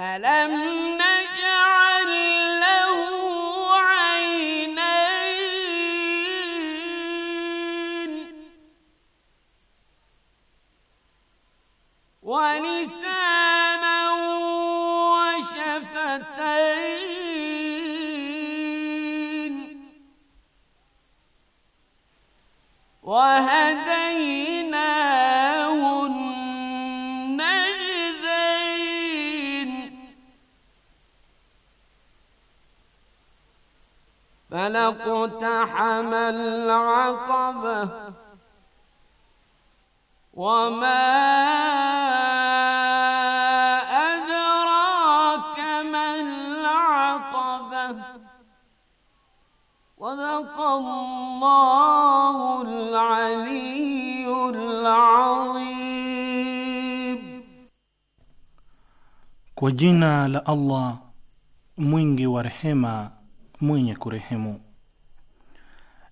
ألم عينين ولسانا وشفتين وهدى اقتحم العقبة وما أدراك ما العقبة صدق الله العلي العظيم Kwa لالله la mwingi wa rehema mwenye kurehemu.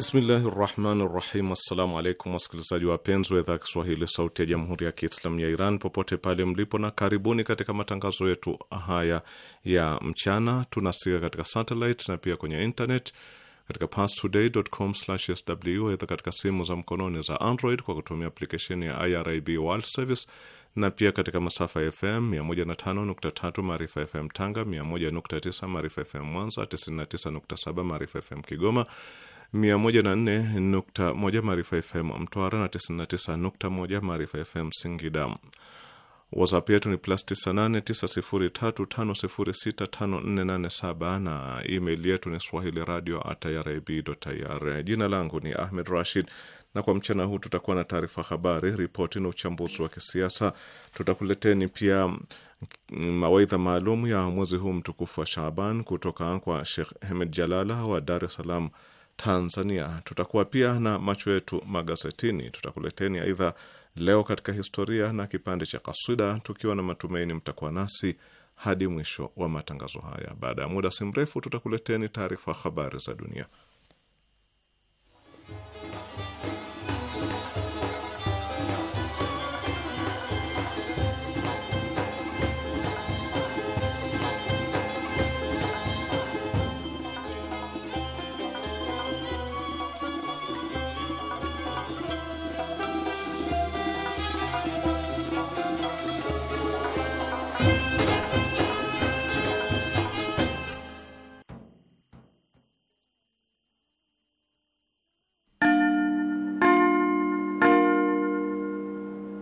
Bismillahi rahmani rahim. Assalamu alaikum wasikilizaji wapenzi wa idhaa ya Kiswahili sauti ya jamhuri ya Kiislamu ya Iran popote pale mlipo, na karibuni katika matangazo yetu haya ya mchana. Tunasikika katika satellite na pia kwenye internet katika pastodaycom sw aidha katika simu za mkononi za Android kwa kutumia aplikesheni ya IRIB World Service na pia katika masafa ya FM 105.3 Maarifa FM Tanga, 101.9 Maarifa FM Mwanza, 99.7 Maarifa FM Kigoma 104.1 Maarifa FM Mtwara na 99.1 Maarifa FM Singida. WhatsApp yetu ni plus 989035065487 na email yetu ni swahili radio irib.ir. Jina langu ni Ahmed Rashid, na kwa mchana huu tutakuwa na taarifa habari, ripoti na uchambuzi wa kisiasa. Tutakuleteni pia mawaidha maalum ya mwezi huu mtukufu wa Shaaban kutoka kwa Sheikh Hemed Jalala wa Dar es Salaam Tanzania. Tutakuwa pia na macho yetu magazetini, tutakuleteni aidha leo katika historia na kipande cha kaswida, tukiwa na matumaini mtakuwa nasi hadi mwisho wa matangazo haya. Baada ya muda si mrefu, tutakuleteni taarifa habari za dunia.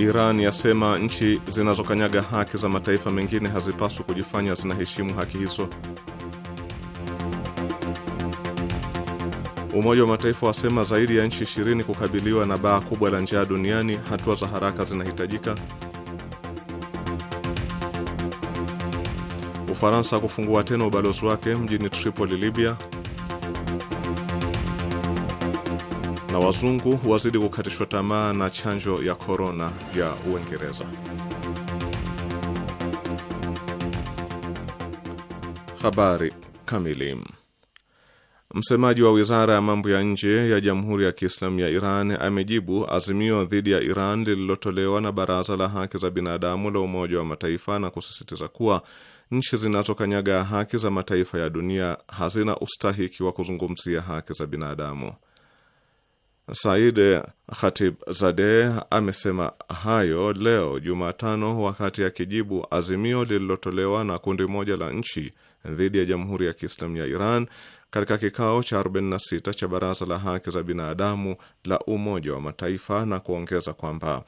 Iran yasema nchi zinazokanyaga haki za mataifa mengine hazipaswi kujifanya zinaheshimu haki hizo. Umoja wa Mataifa wasema zaidi ya nchi ishirini kukabiliwa na baa kubwa la njaa duniani, hatua za haraka zinahitajika. Ufaransa kufungua tena ubalozi wake mjini Tripoli, Libya. na wazungu wazidi kukatishwa tamaa na chanjo ya korona ya Uingereza. Habari kamili. Msemaji wa wizara ya mambo ya nje ya Jamhuri ya Kiislamu ya Iran amejibu azimio dhidi ya Iran lililotolewa na Baraza la Haki za Binadamu la Umoja wa Mataifa na kusisitiza kuwa nchi zinazokanyaga haki za mataifa ya dunia hazina ustahiki wa kuzungumzia haki za binadamu. Said khatib zade amesema hayo leo Jumatano wakati akijibu azimio lililotolewa na kundi moja la nchi dhidi ya Jamhuri ya Kiislamu ya Iran katika kikao cha 46 cha Baraza la Haki za Binadamu la Umoja wa Mataifa na kuongeza kwamba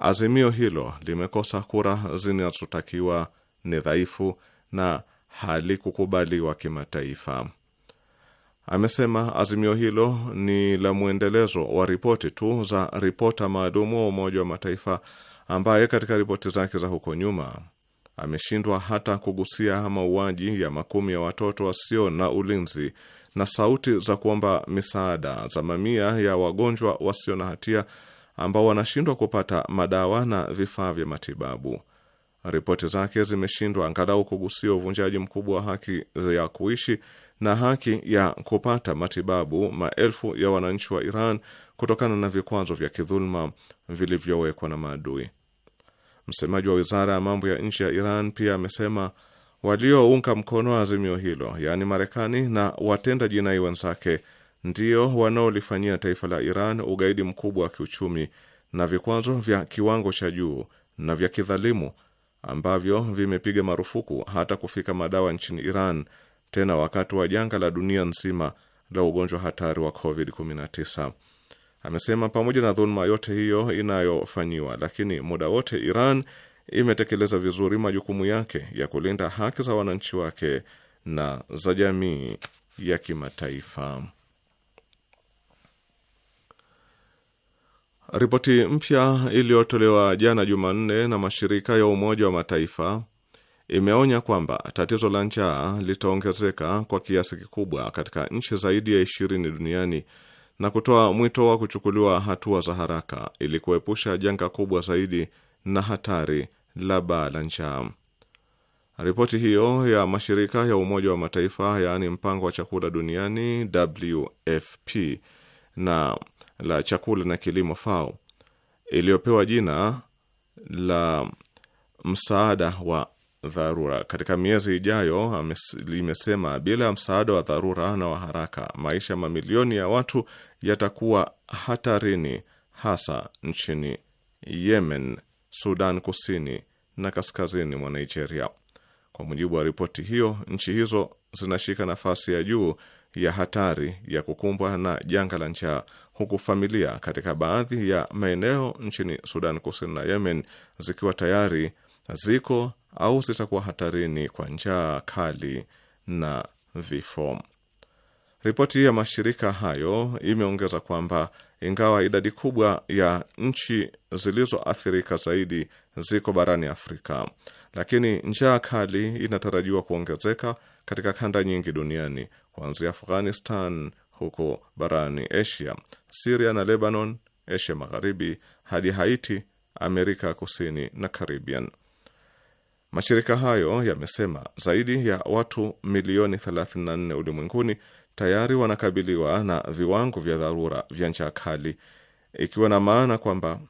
azimio hilo limekosa kura zinazotakiwa, ni dhaifu na halikukubaliwa kimataifa. Amesema azimio hilo ni la mwendelezo wa ripoti tu za ripota maalumu wa Umoja wa Mataifa ambaye katika ripoti zake za huko nyuma ameshindwa hata kugusia mauaji ya makumi ya watoto wasio na ulinzi na sauti za kuomba misaada za mamia ya wagonjwa wasio na hatia ambao wanashindwa kupata madawa na vifaa vya matibabu. Ripoti zake zimeshindwa angalau kugusia uvunjaji mkubwa wa haki ya kuishi na haki ya kupata matibabu maelfu ya wananchi wa Iran kutokana na vikwazo vya kidhuluma vilivyowekwa na maadui. Msemaji wa wizara ya mambo ya nchi ya Iran pia amesema waliounga mkono azimio hilo, yaani Marekani na watenda jinai wenzake, ndio wanaolifanyia taifa la Iran ugaidi mkubwa wa kiuchumi na vikwazo vya kiwango cha juu na vya kidhalimu ambavyo vimepiga marufuku hata kufika madawa nchini Iran tena wakati wa janga la dunia nzima la ugonjwa hatari wa COVID-19. Amesema pamoja na dhuluma yote hiyo inayofanyiwa, lakini muda wote Iran imetekeleza vizuri majukumu yake ya kulinda haki za wananchi wake na za jamii ya kimataifa. Ripoti mpya iliyotolewa jana Jumanne na mashirika ya Umoja wa Mataifa imeonya kwamba tatizo la njaa litaongezeka kwa kiasi kikubwa katika nchi zaidi ya ishirini duniani na kutoa mwito wa kuchukuliwa hatua za haraka ili kuepusha janga kubwa zaidi na hatari la baa la njaa. Ripoti hiyo ya mashirika ya Umoja wa Mataifa, yaani mpango wa chakula duniani WFP na la chakula na kilimo FAO, iliyopewa jina la msaada wa dharura katika miezi ijayo, limesema bila ya msaada wa dharura na wa haraka, maisha mamilioni ya watu yatakuwa hatarini, hasa nchini Yemen, Sudan Kusini na kaskazini mwa Nigeria. Kwa mujibu wa ripoti hiyo, nchi hizo zinashika nafasi ya juu ya hatari ya kukumbwa na janga la njaa, huku familia katika baadhi ya maeneo nchini Sudan Kusini na Yemen zikiwa tayari ziko au zitakuwa hatarini kwa njaa kali na vifo. Ripoti ya mashirika hayo imeongeza kwamba ingawa idadi kubwa ya nchi zilizoathirika zaidi ziko barani Afrika, lakini njaa kali inatarajiwa kuongezeka katika kanda nyingi duniani kuanzia Afghanistan huko barani Asia, Siria na Lebanon, Asia Magharibi hadi Haiti, Amerika ya Kusini na Caribbean. Mashirika hayo yamesema zaidi ya watu milioni 34 ulimwenguni tayari wanakabiliwa na viwango vya dharura vya njaa kali, ikiwa na maana kwamba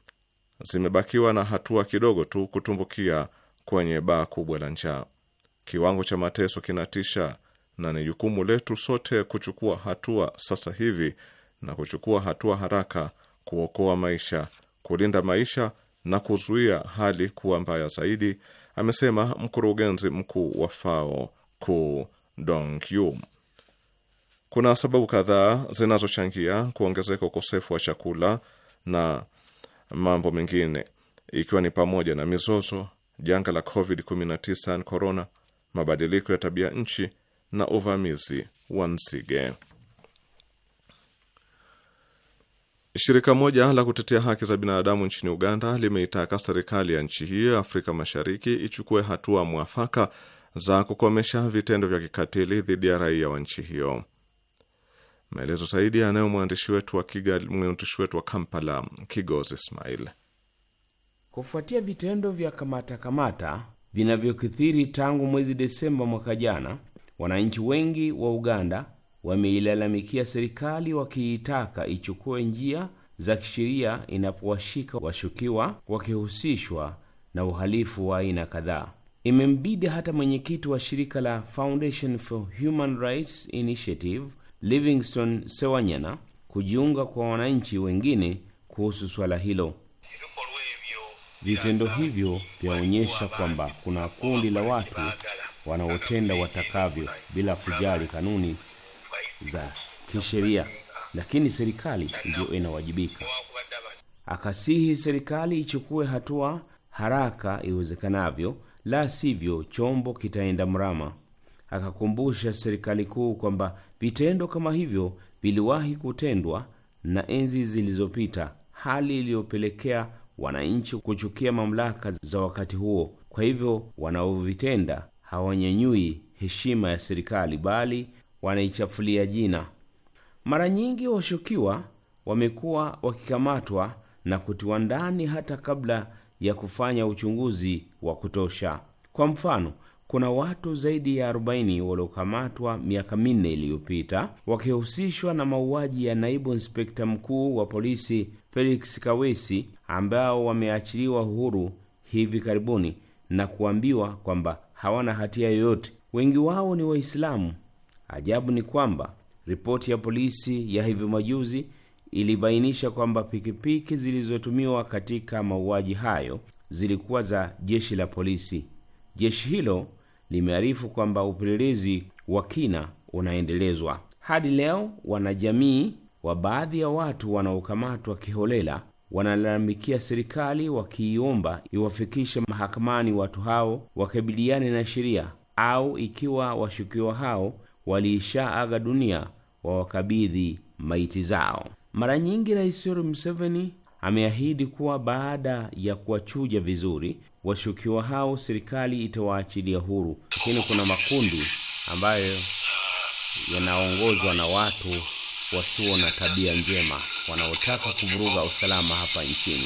zimebakiwa na hatua kidogo tu kutumbukia kwenye baa kubwa la njaa. Kiwango cha mateso kinatisha na ni jukumu letu sote kuchukua hatua sasa hivi na kuchukua hatua haraka kuokoa maisha, kulinda maisha na kuzuia hali kuwa mbaya zaidi amesema mkurugenzi mkuu wa FAO Ku Dongyu. Kuna sababu kadhaa zinazochangia kuongezeka ukosefu wa chakula na mambo mengine, ikiwa ni pamoja na mizozo, janga la COVID-19 corona korona, mabadiliko ya tabia nchi na uvamizi wa nzige. Shirika moja la kutetea haki za binadamu nchini Uganda limeitaka serikali ya nchi hiyo ya Afrika Mashariki ichukue hatua mwafaka za kukomesha vitendo vya kikatili dhidi ya raia wa nchi hiyo. Maelezo zaidi anayo mwandishi wetu wa Kigali, mwandishi wetu wa Kampala, Kigozi Ismail. Kufuatia vitendo vya kamata kamata vinavyokithiri tangu mwezi Desemba mwaka jana, wananchi wengi wa Uganda wameilalamikia serikali wakiitaka ichukue njia za kisheria inapowashika washukiwa wakihusishwa na uhalifu wa aina kadhaa. Imembidi hata mwenyekiti wa shirika la Foundation for Human Rights Initiative Livingston Sewanyana kujiunga kwa wananchi wengine kuhusu swala hilo. Vitendo hivyo vyaonyesha kwamba kuna kundi la watu wanaotenda watakavyo bila kujali kanuni za kisheria, lakini serikali ndiyo inawajibika. Akasihi serikali ichukue hatua haraka iwezekanavyo, la sivyo chombo kitaenda mrama. Akakumbusha serikali kuu kwamba vitendo kama hivyo viliwahi kutendwa na enzi zilizopita, hali iliyopelekea wananchi kuchukia mamlaka za wakati huo. Kwa hivyo wanaovitenda hawanyanyui heshima ya serikali, bali wanaichafulia jina. Mara nyingi washukiwa wamekuwa wakikamatwa na kutiwa ndani hata kabla ya kufanya uchunguzi wa kutosha. Kwa mfano, kuna watu zaidi ya 40 waliokamatwa miaka minne iliyopita wakihusishwa na mauaji ya naibu inspekta mkuu wa polisi Felix Kawesi ambao wameachiliwa huru hivi karibuni na kuambiwa kwamba hawana hatia yoyote. Wengi wao ni Waislamu Ajabu ni kwamba ripoti ya polisi ya hivi majuzi ilibainisha kwamba pikipiki zilizotumiwa katika mauaji hayo zilikuwa za jeshi la polisi. Jeshi hilo limearifu kwamba upelelezi wa kina unaendelezwa. Hadi leo wanajamii wa baadhi ya watu wanaokamatwa kiholela wanalalamikia serikali wakiiomba iwafikishe mahakamani watu hao wakabiliane na sheria, au ikiwa washukiwa hao waliishaaga dunia wawakabidhi maiti zao. Mara nyingi Rais Yoweri Museveni ameahidi kuwa baada ya kuwachuja vizuri washukiwa hao, serikali itawaachilia huru, lakini kuna makundi ambayo yanaongozwa na watu wasio na tabia njema wanaotaka kuvuruga usalama hapa nchini.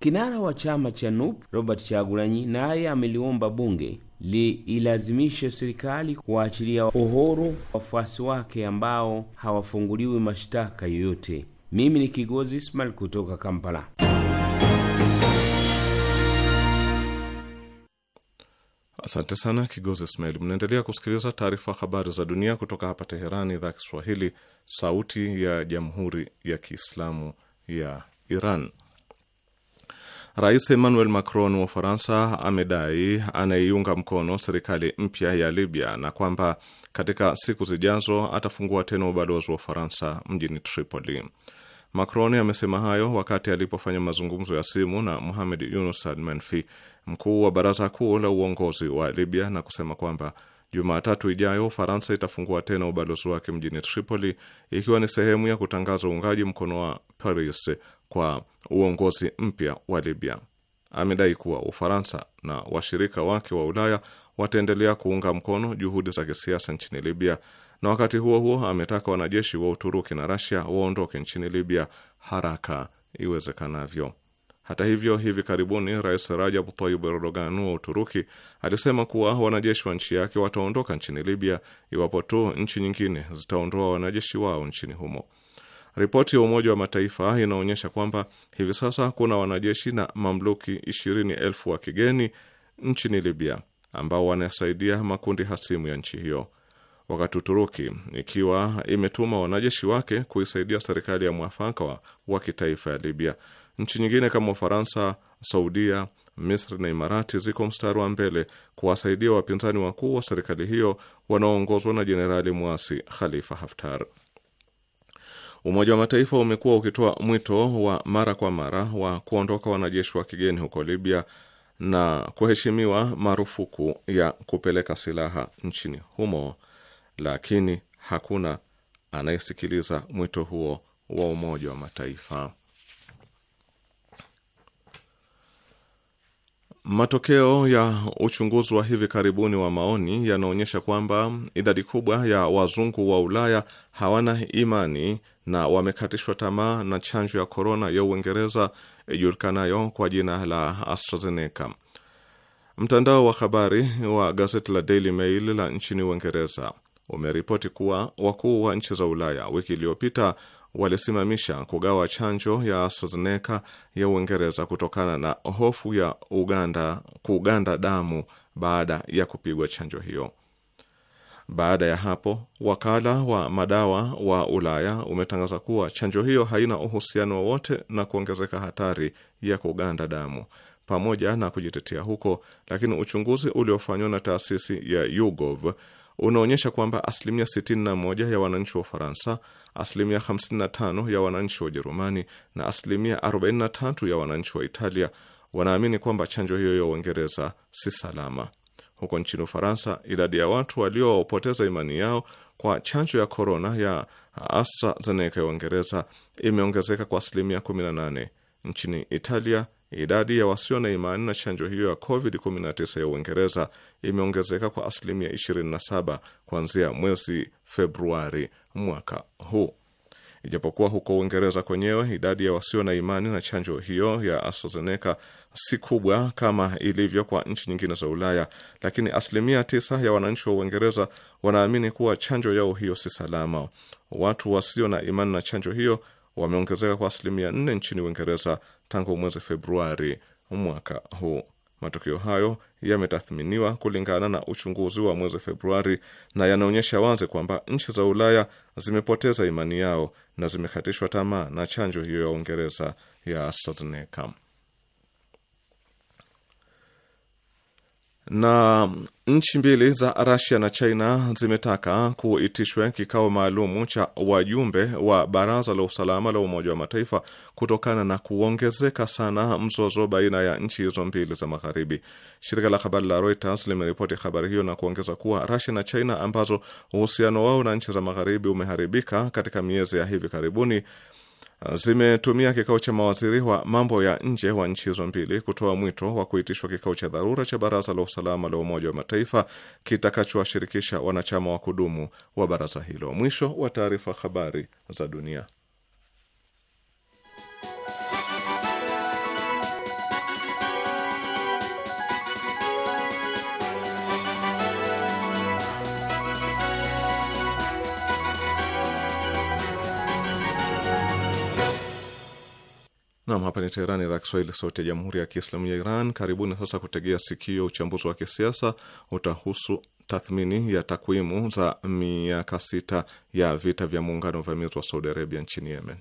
Kinara wa chama cha NUP Robert Chagulanyi naye ameliomba bunge liilazimishe serikali kuwaachilia uhuru wafuasi wake ambao hawafunguliwi mashtaka yoyote. Mimi ni Kigozi Ismail kutoka Kampala. Asante sana Kigozi Ismail. Mnaendelea kusikiliza taarifa habari za dunia kutoka hapa Teherani, idhaa ya Kiswahili, sauti ya jamhuri ya kiislamu ya Iran. Rais Emmanuel Macron wa Ufaransa amedai anaiunga mkono serikali mpya ya Libya na kwamba katika siku zijazo atafungua tena ubalozi wa Ufaransa mjini Tripoli. Macron amesema hayo wakati alipofanya mazungumzo ya simu na muhamed Yunus al mkuu wa baraza kuu la uongozi wa Libya, na kusema kwamba Jumatatu ijayo Ufaransa itafungua tena ubalozi wake mjini Tripoli, ikiwa ni sehemu ya kutangaza uungaji mkono wa Paris kwa uongozi mpya wa Libya. Amedai kuwa Ufaransa na washirika wake wa Ulaya wataendelea kuunga mkono juhudi za kisiasa nchini Libya, na wakati huo huo ametaka wanajeshi wa Uturuki na Rasia waondoke nchini Libya haraka iwezekanavyo. Hata hivyo, hivi karibuni Rais Rajab Tayyip Erdogan wa Uturuki alisema kuwa wanajeshi wa nchi yake wataondoka nchini Libya iwapo tu nchi nyingine zitaondoa wanajeshi wao nchini humo. Ripoti ya Umoja wa Mataifa inaonyesha kwamba hivi sasa kuna wanajeshi na mamluki ishirini elfu wa kigeni nchini Libya ambao wanasaidia makundi hasimu ya nchi hiyo. Wakati Uturuki ikiwa imetuma wanajeshi wake kuisaidia serikali ya mwafaka wa, wa kitaifa ya Libya, nchi nyingine kama Ufaransa, Saudia, Misri na Imarati ziko mstari wa mbele kuwasaidia wapinzani wakuu wa serikali hiyo wanaoongozwa na jenerali mwasi Khalifa Haftar. Umoja wa Mataifa umekuwa ukitoa mwito wa mara kwa mara wa kuondoka wanajeshi wa kigeni huko Libya na kuheshimiwa marufuku ya kupeleka silaha nchini humo, lakini hakuna anayesikiliza mwito huo wa Umoja wa Mataifa. Matokeo ya uchunguzi wa hivi karibuni wa maoni yanaonyesha kwamba idadi kubwa ya wazungu wa Ulaya hawana imani na wamekatishwa tamaa na chanjo ya korona ya Uingereza ijulikanayo kwa jina la AstraZeneca. Mtandao wa habari wa gazeti la Daily Mail la nchini Uingereza umeripoti kuwa wakuu wa nchi za Ulaya wiki iliyopita walisimamisha kugawa chanjo ya AstraZeneca ya Uingereza kutokana na hofu ya Uganda kuganda damu baada ya kupigwa chanjo hiyo. Baada ya hapo, wakala wa madawa wa Ulaya umetangaza kuwa chanjo hiyo haina uhusiano wowote na kuongezeka hatari ya kuganda damu pamoja na kujitetea huko, lakini uchunguzi uliofanywa na taasisi ya YouGov unaonyesha kwamba asilimia 61 ya wananchi wa Ufaransa, asilimia 55 ya wananchi wa Ujerumani na asilimia 43 ya wananchi wa Italia wanaamini kwamba chanjo hiyo ya Uingereza si salama. Huko nchini Ufaransa, idadi ya watu waliopoteza imani yao kwa chanjo ya korona ya AstraZeneca ya Uingereza imeongezeka kwa asilimia 18. Nchini Italia, idadi ya wasio na imani na chanjo hiyo ya COVID-19 ya Uingereza imeongezeka kwa asilimia 27 kuanzia mwezi Februari mwaka huu. Ijapokuwa huko Uingereza kwenyewe idadi ya wasio na imani na chanjo hiyo ya AstraZeneca si kubwa kama ilivyo kwa nchi nyingine za Ulaya, lakini asilimia tisa ya wananchi wa Uingereza wanaamini kuwa chanjo yao hiyo si salama. Watu wasio na imani na chanjo hiyo wameongezeka kwa asilimia nne nchini Uingereza tangu mwezi Februari mwaka huu. Matokeo hayo yametathminiwa kulingana na uchunguzi wa mwezi Februari na yanaonyesha wazi kwamba nchi za Ulaya zimepoteza imani yao na zimekatishwa tamaa na chanjo hiyo ya Uingereza ya AstraZeneca. na nchi mbili za Rasia na China zimetaka kuitishwe kikao maalumu cha wajumbe wa Baraza la Usalama la Umoja wa Mataifa kutokana na kuongezeka sana mzozo baina ya nchi hizo mbili za Magharibi. Shirika la habari la Reuters limeripoti habari hiyo na kuongeza kuwa Rasia na China ambazo uhusiano wao na nchi za Magharibi umeharibika katika miezi ya hivi karibuni zimetumia kikao cha mawaziri wa mambo ya nje wa nchi hizo mbili kutoa mwito wa kuitishwa kikao cha dharura cha Baraza la Usalama la Umoja wa Mataifa kitakachowashirikisha wanachama wa kudumu wa baraza hilo. Mwisho wa taarifa. Habari za dunia. Nam, hapa ni Teherani, idhaa Kiswahili, sauti ya jamhuri ya kiislamu ya Iran. Karibuni sasa kutegea sikio uchambuzi wa kisiasa. Utahusu tathmini ya takwimu za miaka sita ya vita vya muungano uvamizi wa Saudi Arabia nchini Yemen.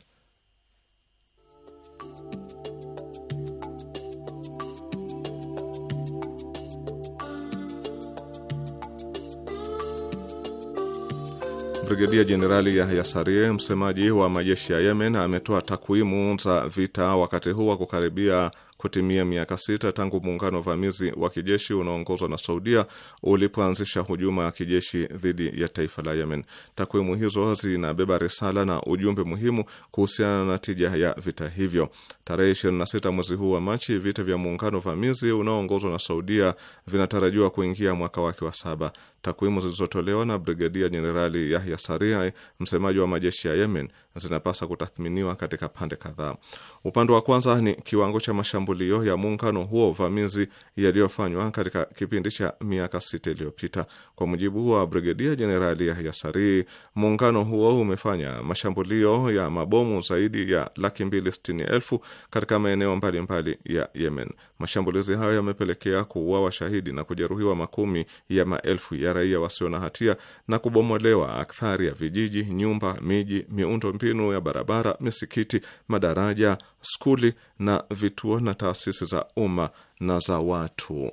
Brigedia Jenerali Yahya Sarie, msemaji wa majeshi ya Yemen, ametoa takwimu za vita wakati huu wa kukaribia kutimia miaka sita tangu muungano vamizi wa kijeshi unaoongozwa na Saudia ulipoanzisha hujuma ya kijeshi dhidi ya taifa la Yemen. Takwimu hizo zinabeba risala na ujumbe muhimu kuhusiana na tija ya vita hivyo. Tarehe 26 mwezi huu wa Machi, vita vya muungano vamizi unaoongozwa na Saudia vinatarajiwa kuingia mwaka wake wa saba. Takwimu zilizotolewa na Brigedia Jenerali Yahya Saria, msemaji wa majeshi ya Yemen, zinapasa kutathminiwa katika pande kadhaa. Upande wa kwanza ni kiwango cha mashambulio ya muungano huo uvamizi yaliyofanywa katika kipindi cha miaka sita iliyopita. Kwa mujibu wa Brigedia Jenerali Yahya sarii muungano huo umefanya mashambulio ya mabomu zaidi ya laki mbili sitini elfu katika maeneo mbalimbali ya Yemen. Mashambulizi hayo yamepelekea kuua washahidi na kujeruhiwa makumi ya maelfu ya raia wasio na hatia na kubomolewa akthari ya vijiji, nyumba, miji, miundo mbinu ya barabara, misikiti, madaraja, skuli na vituo na taasisi za umma na za watu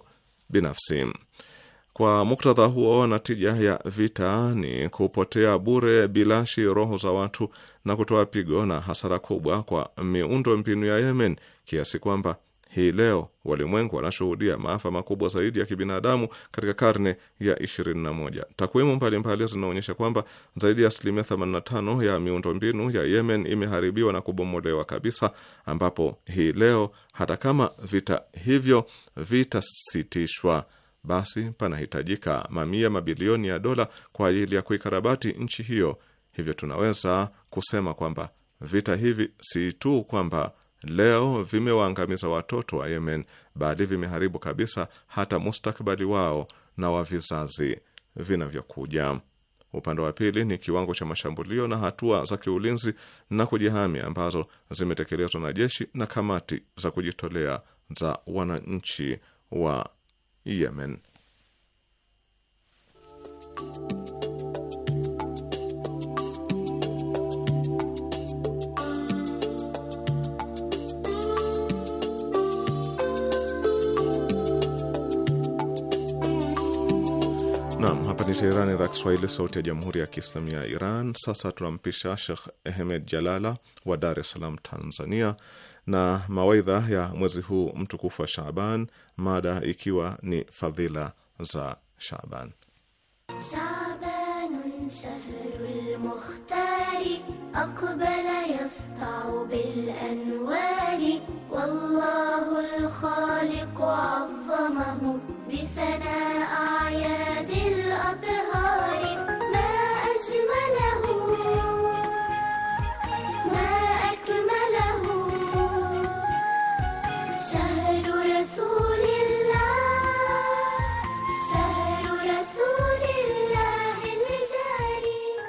binafsi. Kwa muktadha huo, natija ya vita ni kupotea bure bilashi roho za watu na kutoa pigo na hasara kubwa kwa miundo mbinu ya Yemen kiasi kwamba hii leo walimwengu wanashuhudia maafa makubwa zaidi ya kibinadamu katika karne ya 21. Takwimu mbalimbali zinaonyesha kwamba zaidi ya asilimia 85 ya miundombinu ya Yemen imeharibiwa na kubomolewa kabisa, ambapo hii leo hata kama vita hivyo vitasitishwa, basi panahitajika mamia mabilioni ya dola kwa ajili ya kuikarabati nchi hiyo. Hivyo tunaweza kusema kwamba vita hivi si tu kwamba leo vimewaangamiza watoto wa Yemen, bali vimeharibu kabisa hata mustakbali wao na wa vizazi vinavyokuja. Upande wa pili ni kiwango cha mashambulio na hatua za kiulinzi na kujihami ambazo zimetekelezwa na jeshi na kamati za kujitolea za wananchi wa Yemen. Naam, hapa ni Teherani, idhaa Kiswahili, sauti ya jamhuri ya kiislamu ya Iran. Sasa tunampisha Shekh ehmed Jalala wa Dar es Salaam, Tanzania, na mawaidha ya mwezi huu mtukufu wa Shaban, mada ikiwa ni fadhila za Shaban. Fatihah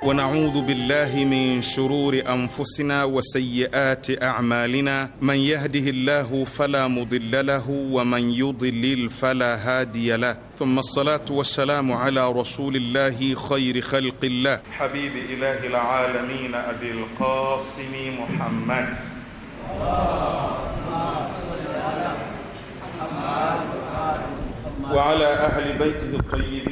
ونعوذ بالله من شرور انفسنا وسيئات اعمالنا من يهده الله فلا مضل له ومن يضلل فلا هادي له ثم الصلاه والسلام على رسول الله خير خلق الله حبيب اله العالمين ابي القاسم محمد وعلى اهل بيته الطيبين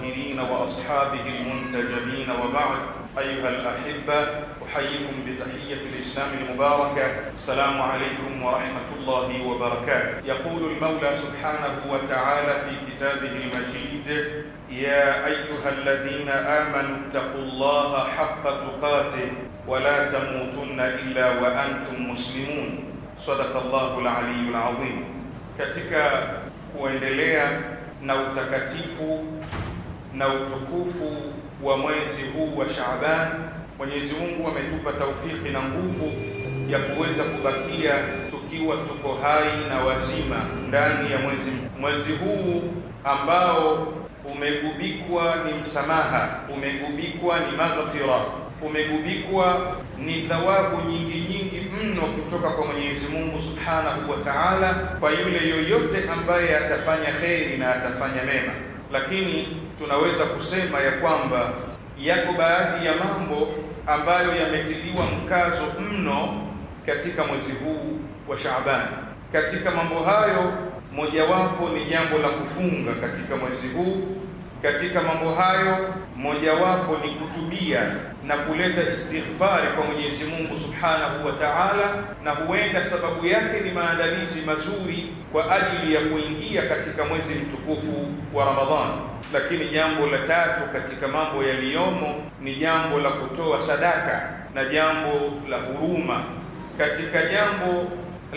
الطاهرين وأصحابه المنتجبين وبعد أيها الأحبة أحييكم بتحية الإسلام المباركة السلام عليكم ورحمة الله وبركاته يقول المولى سبحانه وتعالى في كتابه المجيد يا أيها الذين آمنوا اتقوا الله حق تقاته ولا تموتن إلا وأنتم مسلمون صدق الله العلي العظيم كتك kuendelea na utakatifu na utukufu wa mwezi huu wa Shaaban, Mwenyezi Mungu ametupa taufiki na nguvu ya kuweza kubakia tukiwa tuko hai na wazima ndani ya mwezi mwezi huu ambao umegubikwa ni msamaha, umegubikwa ni maghfira, umegubikwa ni thawabu nyingi nyingi mno kutoka kwa Mwenyezi Mungu Subhanahu wa Ta'ala, kwa yule yoyote ambaye atafanya kheri na atafanya mema lakini tunaweza kusema ya kwamba yako baadhi ya mambo ambayo yametiliwa mkazo mno katika mwezi huu wa Shaaban. Katika mambo hayo mojawapo ni jambo la kufunga katika mwezi huu katika mambo hayo mojawapo ni kutubia na kuleta istighfari kwa Mwenyezi Mungu Subhanahu wa Ta'ala, na huenda sababu yake ni maandalizi mazuri kwa ajili ya kuingia katika mwezi mtukufu wa Ramadhani. Lakini jambo la tatu katika mambo yaliyomo ni jambo la kutoa sadaka na jambo la huruma. Katika jambo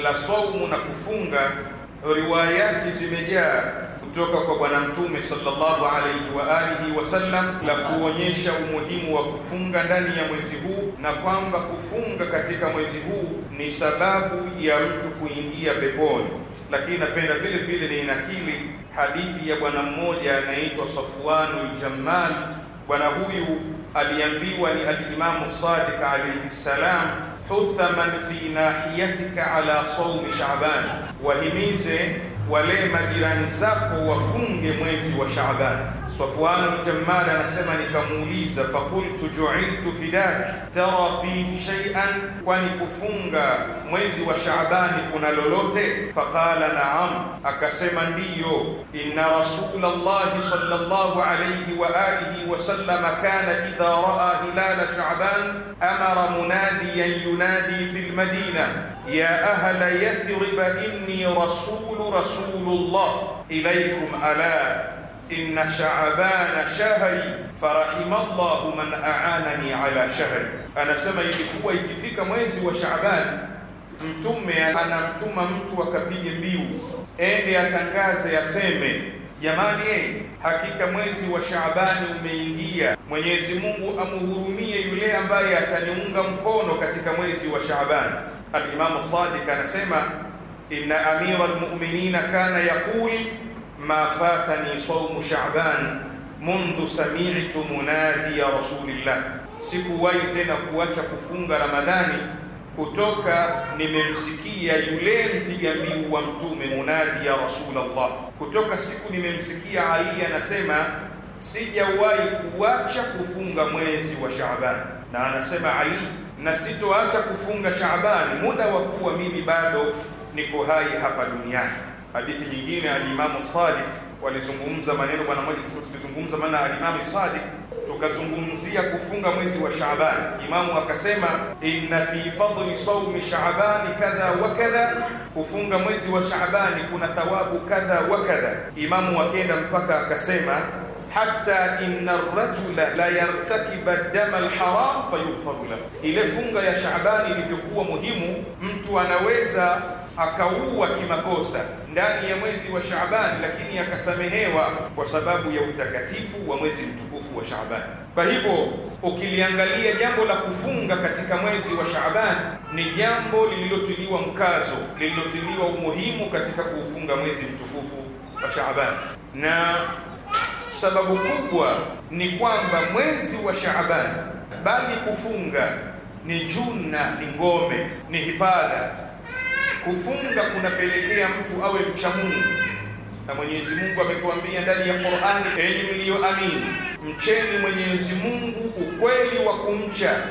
la saumu na kufunga, riwayati zimejaa kutoka kwa Bwana Mtume sallallahu alaihi wa alihi wasallam la kuonyesha umuhimu wa kufunga ndani ya mwezi huu na kwamba kufunga katika mwezi huu ni sababu ya mtu kuingia peponi. Lakini napenda vile vile ni inakili hadithi ya bwana mmoja anaitwa safwanu Jamal. Bwana huyu aliambiwa ni alimamu Sadiq alaihi salam, hutha man fi nahiyatika ala saumi Shaaban, wahimize wale majirani zako wafunge mwezi wa Shaaban Safwan al-Jammal anasema nikamuuliza, fakultu ju'iltu fidak tara fihi shay'an, kwani kufunga mwezi wa Shaabani kuna lolote? Faqala na'am, akasema ndiyo. Inna rasulallahi sallallahu alayhi wa alihi wa sallam kana idha raa hilala Shaaban amara munadiyan yunadi fi lmadina ya ahla Yathrib inni rasulu rasulullah ilaykum ala inna shaabana shahri farahima llahu man aanani ala shahri, anasema ilikuwa ikifika mwezi wa Shaaban mtume anamtuma mtu akapige mbiu, ende atangaze, aseme jamani, eh, hakika mwezi wa Shaabani umeingia, Mwenyezi Mungu amhurumie yule ambaye ataniunga mkono katika mwezi wa Shaabani. Alimamu Sadiq anasema inna amira almuminina kana yaqul ما fatani saumu shaban mundhu sami'tu munadiya rasulillah, sikuwahi tena kuacha kufunga Ramadhani kutoka nimemsikia yule mpiga mbiu wa mtume munadi ya Rasulullah, kutoka siku nimemsikia Ali anasema sijawahi kuacha kufunga mwezi wa Shaaban, na anasema Ali, na sitoacha kufunga Shaaban muda wa kuwa mimi bado niko hai hapa duniani hadithi nyingine alimamu Sadiq walizungumza maneno bwana mmoja, kusema tulizungumza maana alimamu Sadiq tukazungumzia kufunga mwezi wa Shaaban. Imamu akasema inna fi fadli sawmi Shaaban kadha wa kadha, kufunga mwezi wa Shaaban kuna thawabu kadha wa kadha. Imamu akaenda mpaka akasema hata inna rajula la yartakiba dama alharam fayughfaru lahu. Ile funga ya Shaaban ilivyokuwa muhimu, mtu anaweza akaua kimakosa ndani ya mwezi wa Shaaban, lakini akasamehewa kwa sababu ya utakatifu wa mwezi mtukufu wa Shaaban. Kwa hivyo ukiliangalia jambo la kufunga katika mwezi wa Shaaban ni jambo lililotiliwa mkazo, lililotiliwa umuhimu katika kuufunga mwezi mtukufu wa Shaaban, na sababu kubwa ni kwamba mwezi wa Shaaban, bali kufunga ni juna, ni ngome, ni hifadha kufunga kunapelekea mtu awe mcha Mungu, na Mwenyezi Mungu ametuambia ndani ya Qur'ani, enyi mliyoamini, mcheni Mwenyezi Mungu ukweli wa kumcha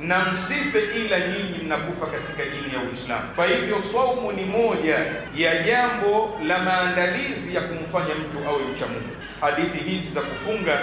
na msife ila nyinyi mnakufa katika dini ya Uislamu. Kwa hivyo saumu ni moja ya jambo la maandalizi ya kumfanya mtu awe mcha Mungu. Hadithi hizi za kufunga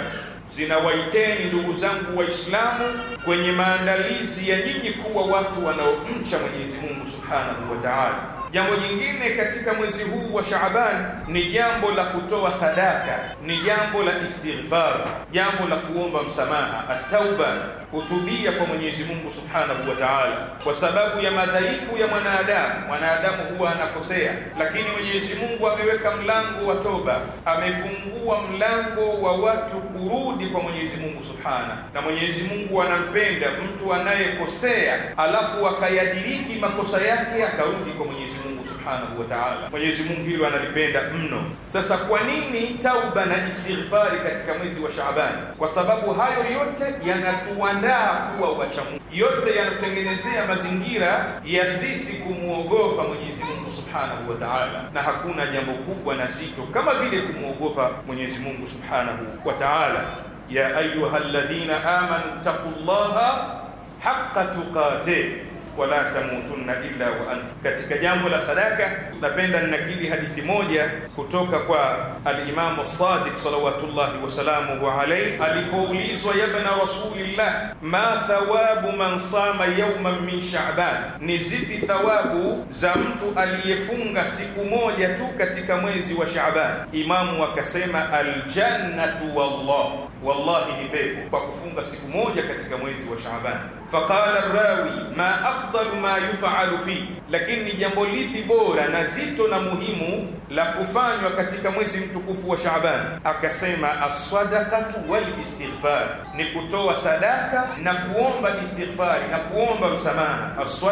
zinawaiteni ndugu zangu Waislamu kwenye maandalizi ya nyinyi kuwa watu wanaomcha Mwenyezi Mungu Subhanahu wa Ta'ala. Jambo jingine katika mwezi huu wa Shaaban ni jambo la kutoa sadaka, ni jambo la istighfar, jambo la kuomba msamaha, at-tauba kutubia kwa Mwenyezi Mungu Subhanahu wa Ta'ala, kwa sababu ya madhaifu ya mwanadamu. Mwanadamu huwa anakosea, lakini Mwenyezi Mungu ameweka mlango wa toba, amefungua mlango wa watu kurudi kwa Mwenyezi Mungu Subhana. Na Mwenyezi Mungu anampenda mtu anayekosea alafu akayadiriki makosa yake akarudi kwa Mwenyezi Mungu subhanahu wa ta'ala. Mwenyezi Mungu hilo analipenda mno. Sasa kwa nini tauba na istighfari katika mwezi wa Shaabani? Kwa sababu hayo yote yanatuandaa kuwa wacha Mungu, yote yanatutengenezea mazingira ya sisi kumwogopa Mwenyezi Mungu subhanahu wa ta'ala, na hakuna jambo kubwa na zito kama vile kumwogopa Mwenyezi Mungu subhanahu wa ta'ala. Ya ayuha alladhina amanu taqullaha haqqa tuqatih wala tamutunna illa wa antum. Katika jambo la sadaka, napenda ninakili hadithi moja kutoka kwa alimamu Sadiq salawatullahi wasalamuhu alayhi, alipoulizwa yabna rasulillah, ma thawabu man sama yawman min sha'ban, ni zipi thawabu za mtu aliyefunga siku moja tu katika mwezi wa Sha'ban? Imamu akasema aljannatu wallah wallahi ni pepo kwa kufunga siku moja katika mwezi wa Shaaban. Faqala rawi ma afdalu ma yufalu fi, lakini ni jambo lipi bora na zito na muhimu la kufanywa katika mwezi mtukufu wa Shaaban? Akasema as-sadaqatu wal istighfar, ni kutoa sadaka na kuomba istighfari na kuomba msamaha. as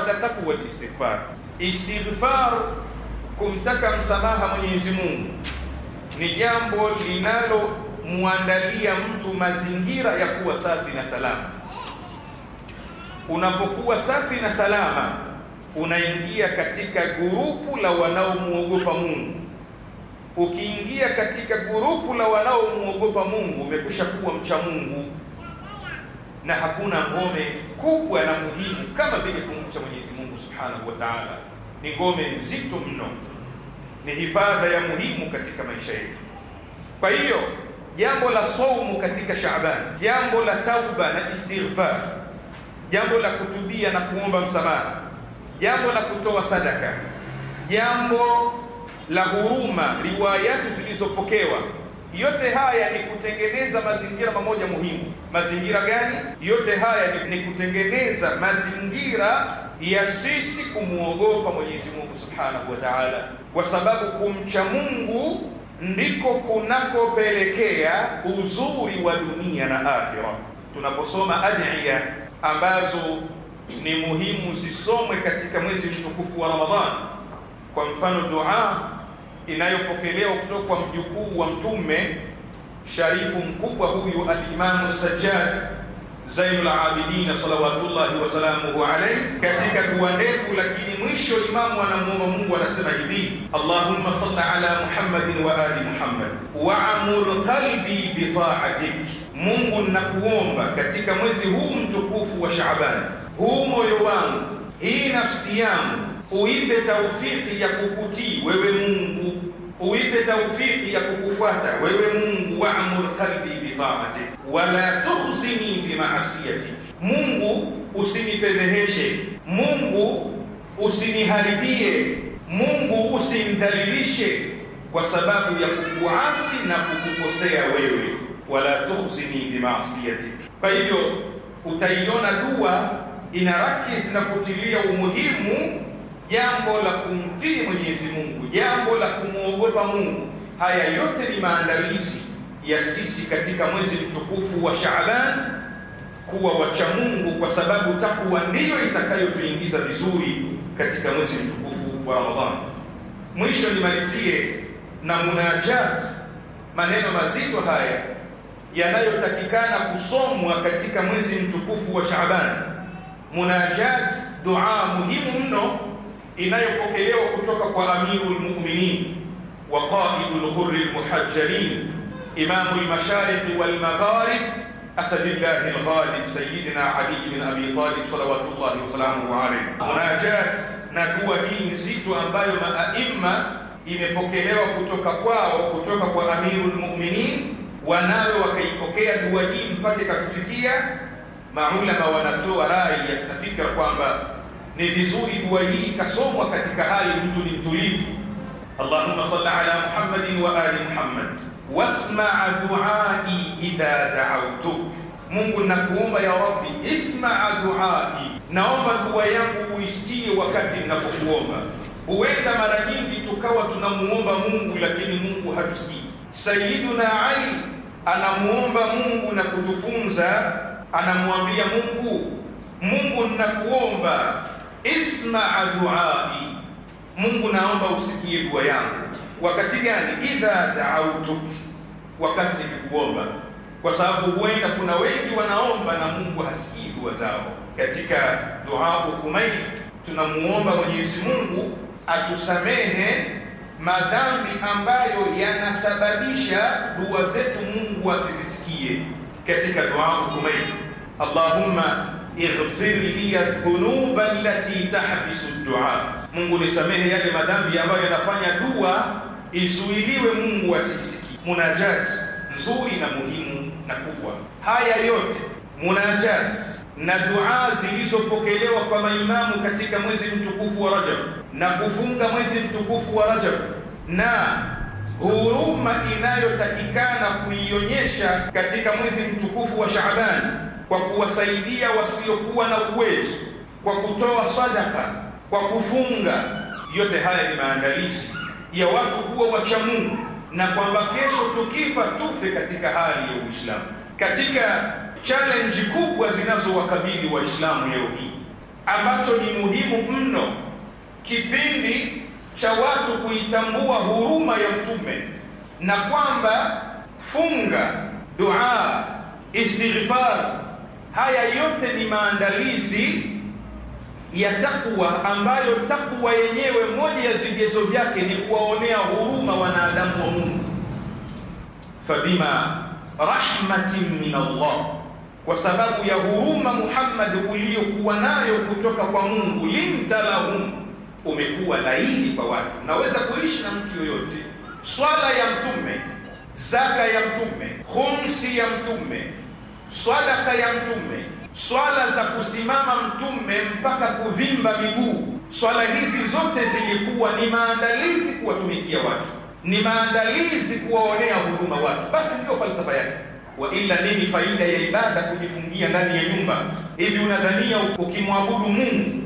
wal istighfar, istighfar kumtaka msamaha Mwenyezi Mungu ni jambo linalo muandalia mtu mazingira ya kuwa safi na salama. Unapokuwa safi na salama, unaingia katika gurupu la wanaomuogopa Mungu. Ukiingia katika gurupu la wanaomuogopa Mungu, umekusha kuwa mcha Mungu, na hakuna ngome kubwa na muhimu kama vile kumcha Mwenyezi Mungu Subhanahu wa Ta'ala. Ni ngome nzito mno, ni hifadha ya muhimu katika maisha yetu. Kwa hiyo jambo la saumu katika Shaaban, jambo la tauba na istighfar, jambo la kutubia na kuomba msamaha, jambo la kutoa sadaka, jambo la huruma, riwayati zilizopokewa. Yote haya ni kutengeneza mazingira mamoja muhimu. Mazingira gani? Yote haya ni kutengeneza mazingira ya sisi kumwogopa Mwenyezi Mungu Subhanahu wa Ta'ala, kwa sababu kumcha Mungu Mm. ndiko kunakopelekea uzuri wa dunia na akhira. Tunaposoma adhiya ambazo ni muhimu zisomwe katika mwezi mtukufu wa Ramadhan, kwa mfano dua inayopokelewa kutoka kwa mjukuu wa Mtume sharifu mkubwa huyu Alimamu Sajjad Zainul Abidin salawatullahi wa salamuhu alayhi, katika dua ndefu, lakini mwisho imamu anamuomba Mungu anasema hivi, Allahumma salli ala Muhammadin wa ali Muhammad wa amur qalbi bi ta'atik. Mungu ninakuomba katika mwezi huu mtukufu wa Shaaban, huu moyo wangu, hii nafsi yangu, uipe taufiki ya kukutii wewe Mungu, uipe taufiki ya kukufuata wewe Mungu wa'mur qalbi bitaatik wala tuhsini bimaasiyatik, Mungu usinifedheheshe, Mungu usiniharibie, Mungu usinidhalilishe kwa sababu ya kukuasi na kukukosea wewe. Wala tuhsini bimaasiyatik. Kwa hivyo utaiona dua inarakis na kutilia umuhimu jambo la kumtii Mwenyezi Mungu, jambo la kumwogopa Mungu. Haya yote ni maandalizi ya sisi katika mwezi mtukufu wa Shaaban kuwa wacha Mungu, kwa sababu takwa ndiyo itakayotuingiza vizuri katika mwezi mtukufu wa Ramadhani. Mwisho nimalizie na munajat, maneno mazito haya yanayotakikana kusomwa katika mwezi mtukufu wa Shaaban. Munajat, dua muhimu mno inayopokelewa kutoka kwa Amirul Mu'minin wa qaidul al muhajjalin إمام المشارق والمغارب أسد الله الغالب سيدنا علي bin Abi Talib salawatullahi wasalamu alayhi. Munajat na dua hii nzito ambayo maaima imepokelewa kutoka kwao kutoka kwa Amirul Mu'minin, wanawe wakaipokea dua hii mpaka ikatufikia. Maulama wanatoa rai na fikra kwamba ni vizuri dua hii ikasomwa katika hali mtu ni mtulivu. Allahumma salli ala Muhammadin wa ali Muhammad wasmaa duai idha daautuk, Mungu nakuomba ya Rabbi, ismaa duai, naomba dua yangu uisikie wakati ninapokuomba. Huenda mara nyingi tukawa tunamuomba Mungu lakini Mungu hatusikii. Sayyiduna Ali anamuomba Mungu na kutufunza, anamwambia Mungu, Mungu nakuomba ismaa duai, Mungu naomba usikie dua yangu Wakati gani? Idha daautuk, wakati nikikuomba. Kwa sababu huenda kuna wengi wanaomba na Mungu hasikii dua zao. Katika duau kumai tunamuomba Mwenyezi Mungu atusamehe madhambi ambayo yanasababisha dua zetu Mungu asizisikie. Katika duau kumai, Allahumma ighfir li dhunuba allati tahbisu dua, Mungu nisamehe yale madhambi ambayo yanafanya dua izuiliwe Mungu asisikie. Munajat nzuri na muhimu na kubwa. Haya yote munajat na dua zilizopokelewa kwa maimamu katika mwezi mtukufu wa Rajab na kufunga mwezi mtukufu wa Rajab na huruma inayotakikana kuionyesha katika mwezi mtukufu wa Shaaban kwa kuwasaidia wasiokuwa na uwezo, kwa kutoa sadaka, kwa kufunga, yote haya ni maandalizi ya watu kuwa wacha Mungu na kwamba kesho tukifa tufe katika hali ya Uislamu. Katika challenge kubwa zinazowakabili Waislamu leo hii, ambacho ni muhimu mno, kipindi cha watu kuitambua huruma ya Mtume na kwamba funga, dua, istighfar, haya yote ni maandalizi ya takwa ambayo takwa yenyewe moja ya vigezo vyake ni kuwaonea huruma wanadamu wa Mungu. Fabima rahmatin min Allah, kwa sababu ya huruma Muhammad uliyokuwa nayo kutoka kwa Mungu, linta lahum, umekuwa laini kwa watu. Naweza kuishi na mtu yoyote, swala ya mtume, zaka ya mtume, khumsi ya mtume, swadaka ya mtume swala za kusimama mtume mpaka kuvimba miguu, swala hizi zote zilikuwa ni maandalizi kuwatumikia watu, ni maandalizi kuwaonea huruma watu. Basi ndiyo falsafa yake. Wa ila nini faida ya ibada kujifungia ndani ya nyumba? Hivi unadhania ukimwabudu Mungu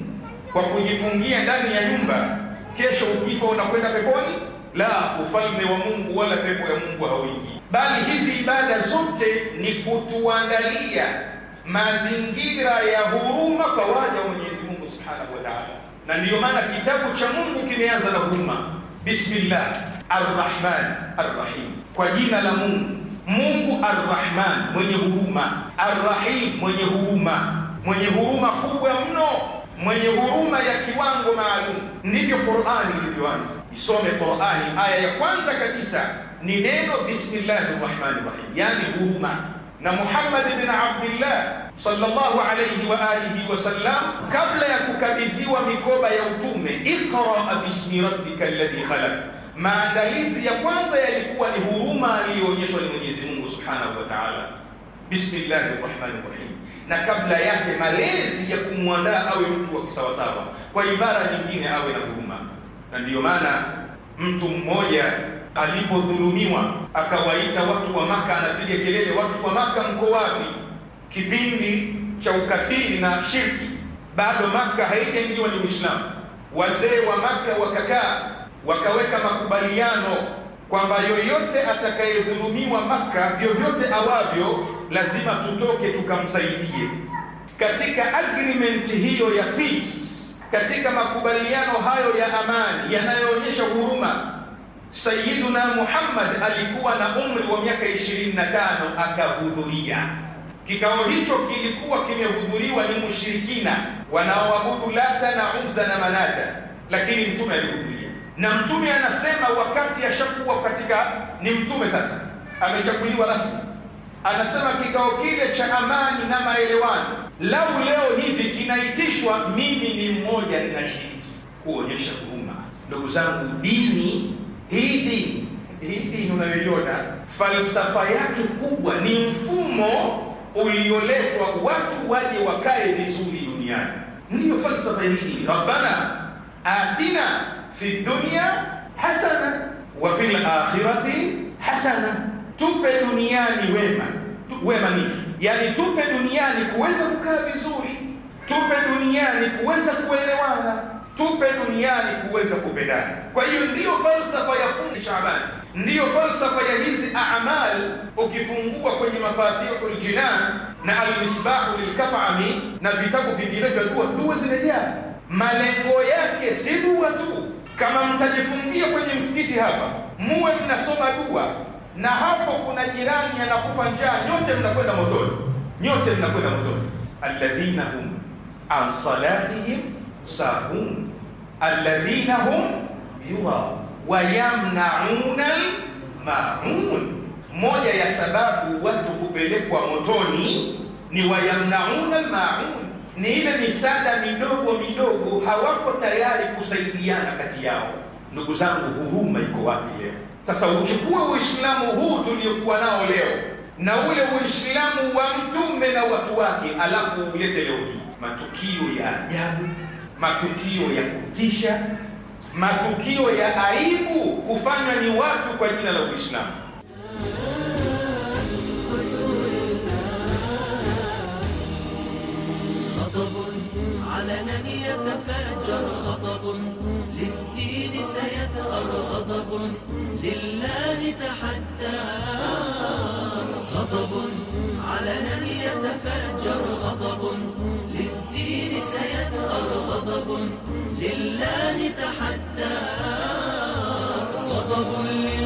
kwa kujifungia ndani ya nyumba, kesho ukifa unakwenda peponi? La, ufalme wa Mungu wala pepo ya Mungu hauingii, bali hizi ibada zote ni kutuandalia mazingira ya huruma kwa waja wa Mwenyezi Mungu Subhanahu wa Ta'ala, na ndiyo maana kitabu cha Mungu kimeanza na huruma. Bismillah Arrahman Arrahim, kwa jina la Mungu. Mungu Arrahman, mwenye huruma, Arrahim, mwenye huruma, mwenye huruma kubwa mno, mwenye huruma ya kiwango maalum. Ndivyo Qur'ani ilivyoanza. Isome Qur'ani, aya ya kwanza kabisa ni neno bismillahir rahmanir rahim, yani huruma na Muhammad bin Abdullah sallallahu alayhi wa alihi sallam, kabla ya kukabidhiwa mikoba ya utume, iqra bismi rabbika alladhi khalaq, maandalizi ya kwanza yalikuwa ni huruma aliyoonyeshwa ni Mwenyezi Mungu subhanahu wa ta'ala, bismillahir rahmanir rahim, na kabla yake malezi ya kumwandaa awe mtu wa kisawasawa, kwa ibara nyingine awe na huruma, na ndiyo maana mtu mmoja alipodhulumiwa, akawaita watu wa Maka, anapiga kelele watu wa Maka, mko wapi? Kipindi cha ukafiri na shirki, bado Maka haijaingiwa ni Uislamu. Wazee wa Maka wakakaa wakaweka makubaliano kwamba yoyote atakayedhulumiwa Maka vyovyote awavyo, lazima tutoke tukamsaidie. Katika agreement hiyo ya peace, katika makubaliano hayo ya amani yanayoonyesha huruma Sayyiduna Muhammad alikuwa na umri wa miaka 25 akahudhuria kikao hicho. Kilikuwa kimehudhuriwa ni mushirikina wanaoabudu Lata na Uzza na Manata, lakini mtume alihudhuria, na mtume anasema wakati ashakuwa katika, ni mtume sasa amechaguliwa rasmi, anasema kikao kile cha amani na maelewano, lau leo hivi kinaitishwa, mimi ni mmoja ninashiriki, kuonyesha huruma. Ndugu zangu, dini hii dini hii dini unayoiona falsafa yake kubwa ni mfumo ulioletwa watu waje wakae vizuri duniani, ndiyo falsafa ya hii dini. Rabbana atina fi dunya hasana wa fil akhirati hasana, tupe duniani wema. Wema nini? Yani tupe duniani kuweza kukaa vizuri, tupe duniani kuweza kuelewana tupe duniani kuweza kupendana. Kwa hiyo ndiyo falsafa ya fundi Shabani, ndiyo falsafa ya hizi amal. Ukifungua kwenye Mafatihul Jinan na Almisbahu Lilkafami na vitabu vingine vya dua, dua zimejaa. Malengo yake si dua tu. Kama mtajifungia kwenye msikiti hapa, muwe mnasoma dua, na hapo kuna jirani anakufa njaa, nyote mnakwenda motoni, nyote mnakwenda motoni. Alladhina hum an salatihim sahun alladhina hum yura wa yamnauna Moja ya sababu watu kupelekwa motoni ni wayamnauna almaun, ni ile misaada midogo midogo, hawako tayari kusaidiana kati yao. Ndugu zangu, huruma iko wapi leo? Sasa uchukue Uislamu huu tuliokuwa nao leo na ule Uislamu wa Mtume na watu wake, alafu ulete leo hii matukio ya ajabu matukio ya kutisha, matukio ya aibu kufanywa ni watu kwa jina la Uislamu. علنا يتفجر غضب للدين سيثأر غضب لله تحدى غضب علنا يتفجر غضب غضب لله تحدى غضب لله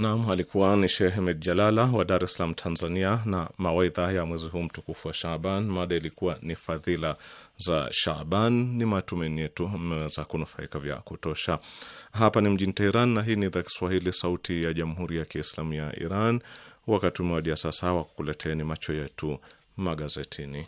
Naam, alikuwa ni Sheikh Ahmed Jalala wa Dar es Salaam, Tanzania, na mawaidha ya mwezi huu mtukufu wa Shaaban. Mada ilikuwa ni fadhila za Shaaban. Ni matumaini yetu mmeweza kunufaika vya kutosha. Hapa ni mjini Teheran na hii ni idhaa Kiswahili, Sauti ya Jamhuri ya Kiislamu ya Iran. Wakati umewadia sasa wa kukuleteni macho yetu magazetini.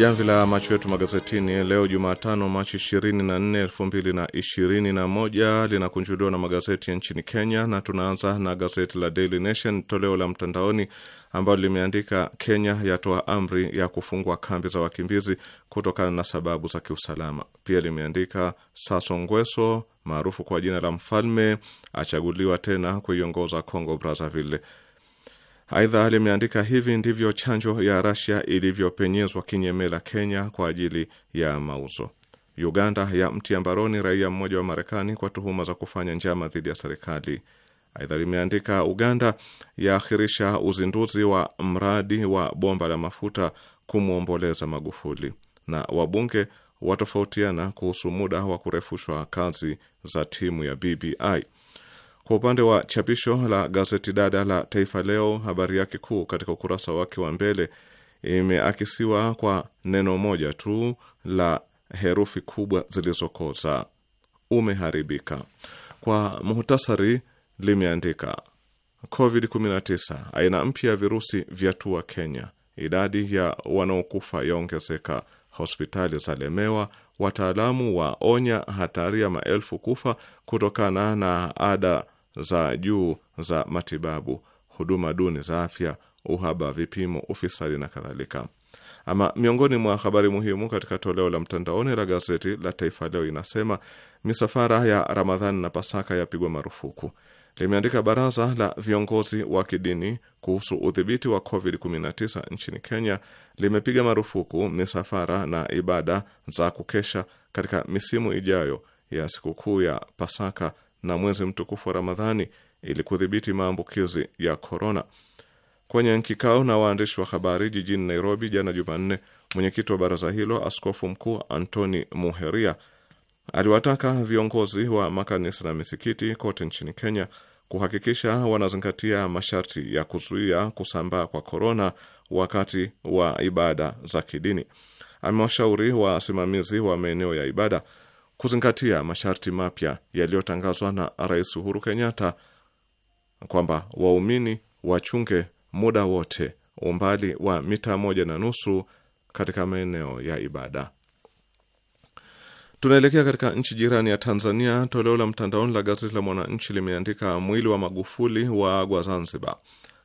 jamvi la macho yetu magazetini leo Jumatano, Machi 24, 2021 linakunjuliwa na magazeti ya nchini Kenya, na tunaanza na gazeti la Daily Nation toleo la mtandaoni ambalo limeandika Kenya yatoa amri ya kufungwa kambi za wakimbizi kutokana na sababu za kiusalama. Pia limeandika Sassou Nguesso maarufu kwa jina la mfalme achaguliwa tena kuiongoza Congo Brazzaville. Aidha limeandika hivi ndivyo chanjo ya Rasia ilivyopenyezwa kinyemela Kenya kwa ajili ya mauzo. Uganda ya mtia mbaroni raia mmoja wa Marekani kwa tuhuma za kufanya njama dhidi ya serikali. Aidha limeandika Uganda yaakhirisha uzinduzi wa mradi wa bomba la mafuta kumwomboleza Magufuli, na wabunge watofautiana kuhusu muda wa kurefushwa kazi za timu ya BBI. Kwa upande wa chapisho la gazeti dada la Taifa Leo, habari yake kuu katika ukurasa wake wa mbele imeakisiwa kwa neno moja tu la herufi kubwa zilizokoza umeharibika. Kwa muhtasari, limeandika COVID-19 aina mpya ya virusi vya tua Kenya, idadi ya wanaokufa yaongezeka, hospitali zalemewa, wataalamu waonya hatari ya maelfu kufa kutokana na ada za juu za matibabu, huduma duni za afya, uhaba wa vipimo, ufisadi na kadhalika. Ama miongoni mwa habari muhimu katika toleo la mtandaoni la gazeti la Taifa Leo inasema misafara ya Ramadhani na Pasaka yapigwa marufuku limeandika baraza la viongozi wa kidini kuhusu udhibiti wa COVID-19 nchini Kenya limepiga marufuku misafara na ibada za kukesha katika misimu ijayo ya sikukuu ya Pasaka na mwezi mtukufu wa Ramadhani ili kudhibiti maambukizi ya korona. Kwenye kikao na waandishi wa habari jijini Nairobi jana Jumanne, mwenyekiti wa baraza hilo Askofu Mkuu Antoni Muheria aliwataka viongozi wa makanisa na misikiti kote nchini Kenya kuhakikisha wanazingatia masharti ya kuzuia kusambaa kwa korona wakati wa ibada za kidini. Amewashauri wasimamizi wa maeneo ya ibada kuzingatia masharti mapya yaliyotangazwa na Rais Uhuru Kenyatta kwamba waumini wachunge muda wote umbali wa mita moja na nusu katika maeneo ya ibada. Tunaelekea katika nchi jirani ya Tanzania. Toleo la mtandaoni la gazeti la Mwananchi limeandika mwili wa Magufuli wa agwa Zanzibar.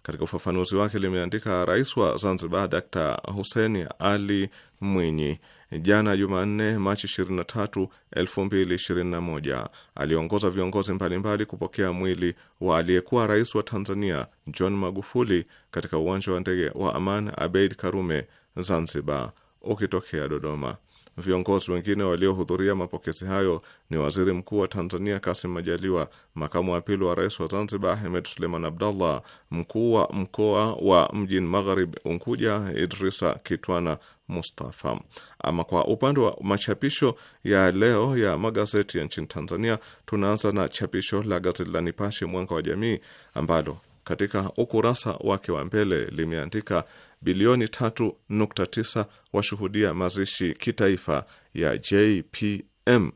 Katika ufafanuzi wake limeandika rais wa Zanzibar Dkt Hussein Ali Mwinyi jana Jumanne, Machi 23, 2021 aliongoza viongozi mbalimbali kupokea mwili wa aliyekuwa rais wa Tanzania John Magufuli katika uwanja wa ndege wa Aman Abeid Karume Zanzibar ukitokea Dodoma. Viongozi wengine waliohudhuria mapokezi hayo ni waziri mkuu wa Tanzania Kasim Majaliwa, makamu wa pili wa rais wa Zanzibar Ahmed Suleiman Abdallah, mkuu wa mkoa wa Mjini magharib Unguja Idrisa Kitwana Mustafa. Ama kwa upande wa machapisho ya leo ya magazeti ya nchini Tanzania, tunaanza na chapisho la gazeti la Nipashe Mwanga wa Jamii ambalo katika ukurasa wake wa mbele limeandika bilioni 3.9 washuhudia mazishi kitaifa ya JPM.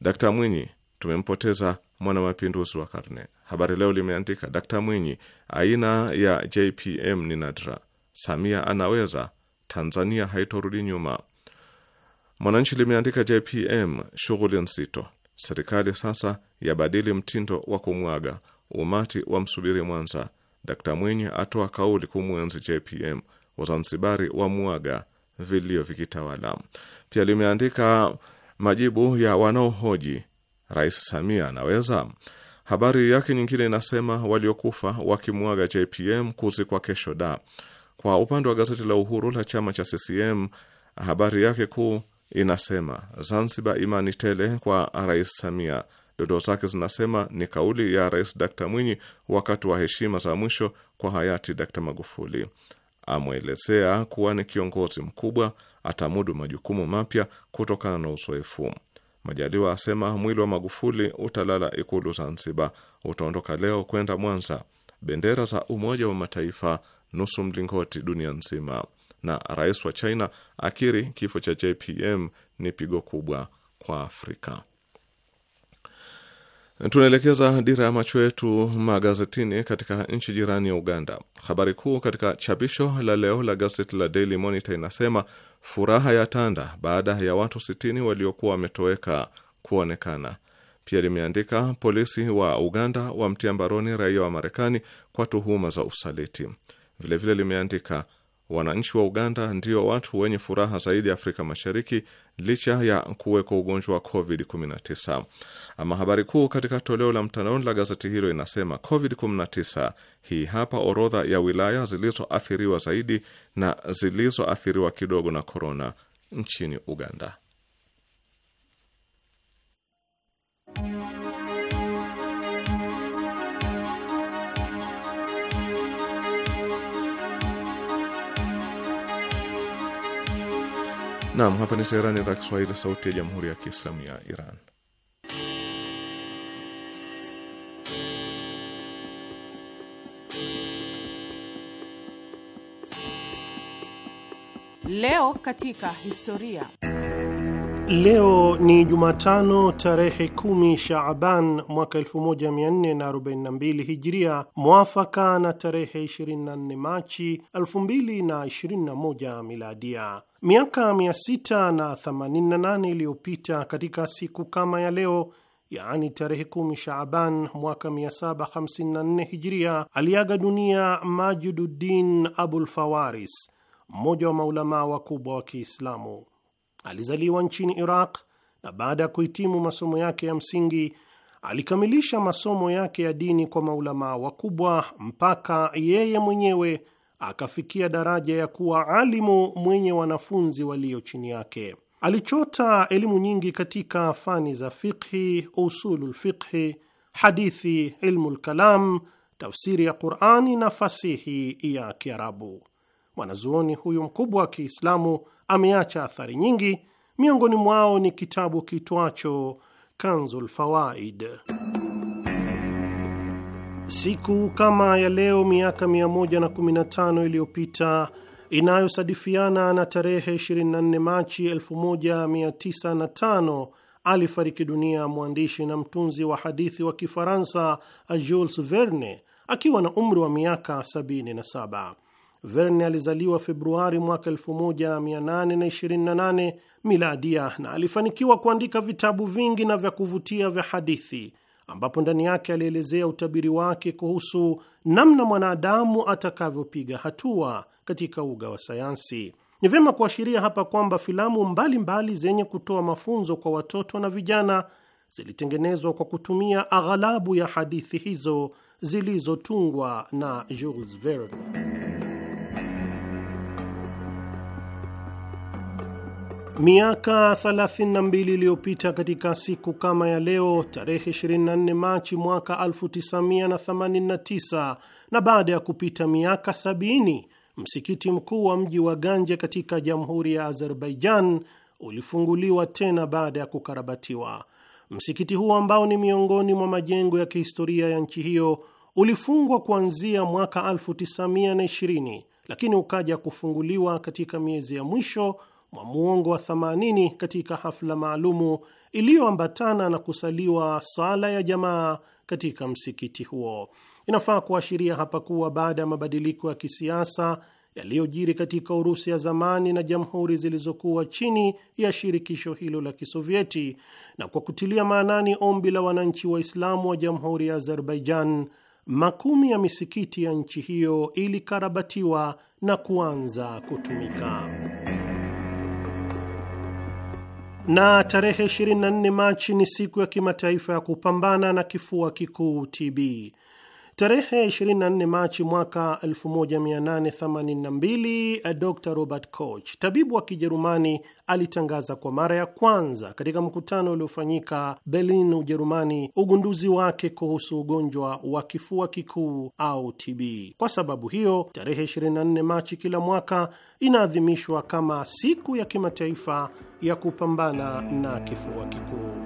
Dkt Mwinyi, tumempoteza mwanamapinduzi wa karne. Habari Leo limeandika Dkt Mwinyi, aina ya JPM ni nadra. Samia anaweza, Tanzania haitorudi nyuma. Mwananchi limeandika JPM shughuli nzito, serikali sasa yabadili mtindo wa kumwaga, umati wa msubiri Mwanza Dkt Mwinyi atoa kauli kumwenzi JPM, Wazanzibari wa mwaga vilio vikitawala. Pia limeandika majibu ya wanaohoji Rais Samia anaweza. Habari yake nyingine inasema waliokufa wakimwaga JPM kuzikwa kesho da. Kwa upande wa gazeti la Uhuru la chama cha CCM, habari yake kuu inasema Zanzibar imani tele kwa Rais Samia Dondoo zake zinasema ni kauli ya Rais Dkta Mwinyi wakati wa heshima za mwisho kwa hayati d Magufuli. Amwelezea kuwa ni kiongozi mkubwa, atamudu majukumu mapya kutokana na uzoefu. Majaliwa asema mwili wa Magufuli utalala Ikulu Zanzibar, utaondoka leo kwenda Mwanza. Bendera za Umoja wa Mataifa nusu mlingoti dunia nzima, na rais wa China akiri kifo cha JPM ni pigo kubwa kwa Afrika. Tunaelekeza dira ya macho yetu magazetini katika nchi jirani ya Uganda. Habari kuu katika chapisho la leo la gazeti la Daily Monitor inasema furaha ya tanda baada ya watu 60 waliokuwa wametoweka kuonekana. Pia limeandika polisi wa Uganda wamtia mbaroni raia wa Marekani kwa tuhuma za usaliti. Vilevile limeandika wananchi wa Uganda ndio watu wenye furaha zaidi Afrika Mashariki licha ya kuwekwa ugonjwa wa COVID-19. Ama habari kuu katika toleo la mtandaoni la gazeti hilo inasema COVID-19, hii hapa orodha ya wilaya zilizoathiriwa zaidi na zilizoathiriwa kidogo na korona nchini Uganda. Naam, hapa ni Teherani, idhaa Kiswahili, sauti ya Jamhuri ya Kiislamu ya Iran. Leo katika historia. Leo ni Jumatano tarehe kumi Shaaban mwaka 1442 Hijria, mwafaka na tarehe 24 Machi 2021 Miladia. Miaka 688 iliyopita katika siku kama ya leo, yaani tarehe kumi Shaaban mwaka 754 Hijria, aliaga dunia Majiduddin Abulfawaris mmoja wa maulamaa wakubwa wa Kiislamu. Alizaliwa nchini Iraq na baada ya kuhitimu masomo yake ya msingi alikamilisha masomo yake ya dini kwa maulamaa wakubwa mpaka yeye mwenyewe akafikia daraja ya kuwa alimu mwenye wanafunzi walio chini yake. Alichota elimu nyingi katika fani za fiqhi, usulul fiqhi, hadithi, ilmu lkalam, tafsiri ya Qurani na fasihi ya Kiarabu. Mwanazuoni huyu mkubwa wa Kiislamu ameacha athari nyingi, miongoni mwao ni kitabu kitwacho Kanzul Fawaid. Siku kama ya leo miaka 115 iliyopita inayosadifiana na tarehe 24 Machi 1905 alifariki dunia mwandishi na mtunzi wa hadithi wa Kifaransa Jules Verne akiwa na umri wa miaka 77. Verne alizaliwa Februari mwaka 1828 miladia na alifanikiwa kuandika vitabu vingi na vya kuvutia vya hadithi ambapo ndani yake alielezea utabiri wake kuhusu namna mwanadamu atakavyopiga hatua katika uga wa sayansi. Ni vyema kuashiria hapa kwamba filamu mbalimbali mbali zenye kutoa mafunzo kwa watoto na vijana zilitengenezwa kwa kutumia aghalabu ya hadithi hizo zilizotungwa na Jules Verne. Miaka 32 iliyopita katika siku kama ya leo tarehe 24 Machi mwaka 1989 na, baada ya kupita miaka 70 msikiti mkuu wa mji wa Ganje katika Jamhuri ya Azerbaijan ulifunguliwa tena baada ya kukarabatiwa. Msikiti huo ambao ni miongoni mwa majengo ya kihistoria ya nchi hiyo ulifungwa kuanzia mwaka 1920 lakini ukaja kufunguliwa katika miezi ya mwisho mwa muongo wa 80 katika hafla maalumu iliyoambatana na kusaliwa sala ya jamaa katika msikiti huo. Inafaa kuashiria hapa kuwa baada ya mabadiliko ya kisiasa yaliyojiri katika Urusi ya zamani na jamhuri zilizokuwa chini ya shirikisho hilo la Kisovyeti, na kwa kutilia maanani ombi la wananchi Waislamu wa jamhuri ya Azerbaijan, makumi ya misikiti ya nchi hiyo ilikarabatiwa na kuanza kutumika na tarehe 24 Machi ni siku ya kimataifa ya kupambana na kifua kikuu TB. Tarehe 24 Machi mwaka 1882 Dr Robert Koch, tabibu wa Kijerumani, alitangaza kwa mara ya kwanza katika mkutano uliofanyika Berlin, Ujerumani, ugunduzi wake kuhusu ugonjwa wa kifua kikuu au TB. Kwa sababu hiyo, tarehe 24 Machi kila mwaka inaadhimishwa kama siku ya kimataifa ya kupambana na kifua kikuu.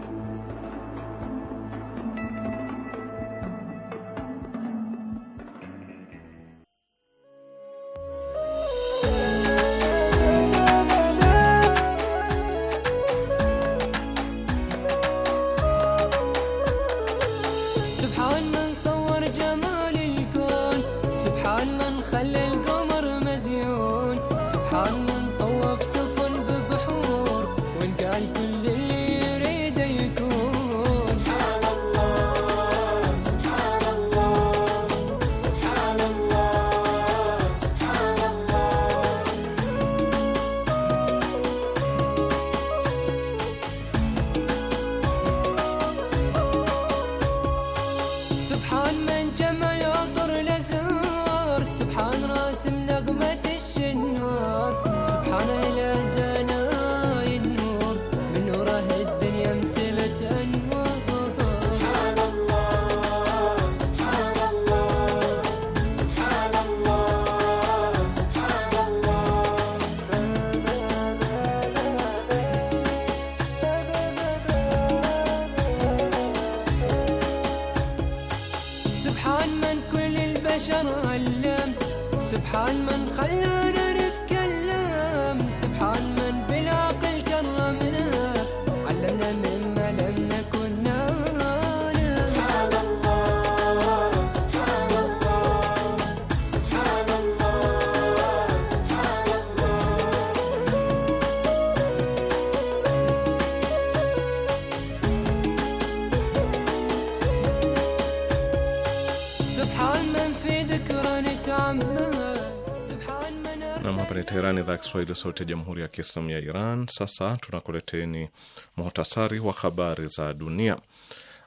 Nam, hapa ni Teherani, idhaa Kiswahili, sauti ya jamhuri ya kiislamu ya Iran. Sasa tunakuleteni muhtasari wa habari za dunia.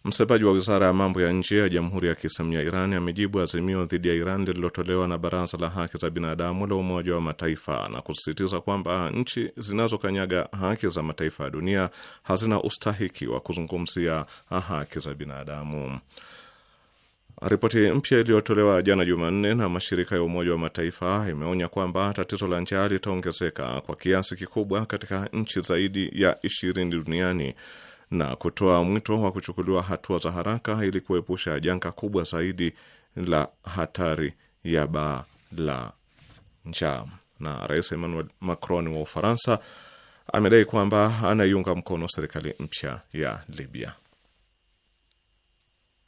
Msemaji wa wizara ya mambo ya nje ya jamhuri ya kiislamu ya Iran amejibu azimio dhidi ya Iran lililotolewa na baraza la haki za binadamu la Umoja wa Mataifa na kusisitiza kwamba nchi zinazokanyaga haki za mataifa ya dunia hazina ustahiki wa kuzungumzia haki za binadamu. Ripoti mpya iliyotolewa jana Jumanne na mashirika ya Umoja wa Mataifa imeonya kwamba tatizo la njaa litaongezeka kwa kiasi kikubwa katika nchi zaidi ya ishirini duniani na kutoa mwito wa kuchukuliwa hatua za haraka ili kuepusha janga kubwa zaidi la hatari ya baa la njaa. Na Rais Emmanuel Macron wa Ufaransa amedai kwamba anaiunga mkono serikali mpya ya Libya.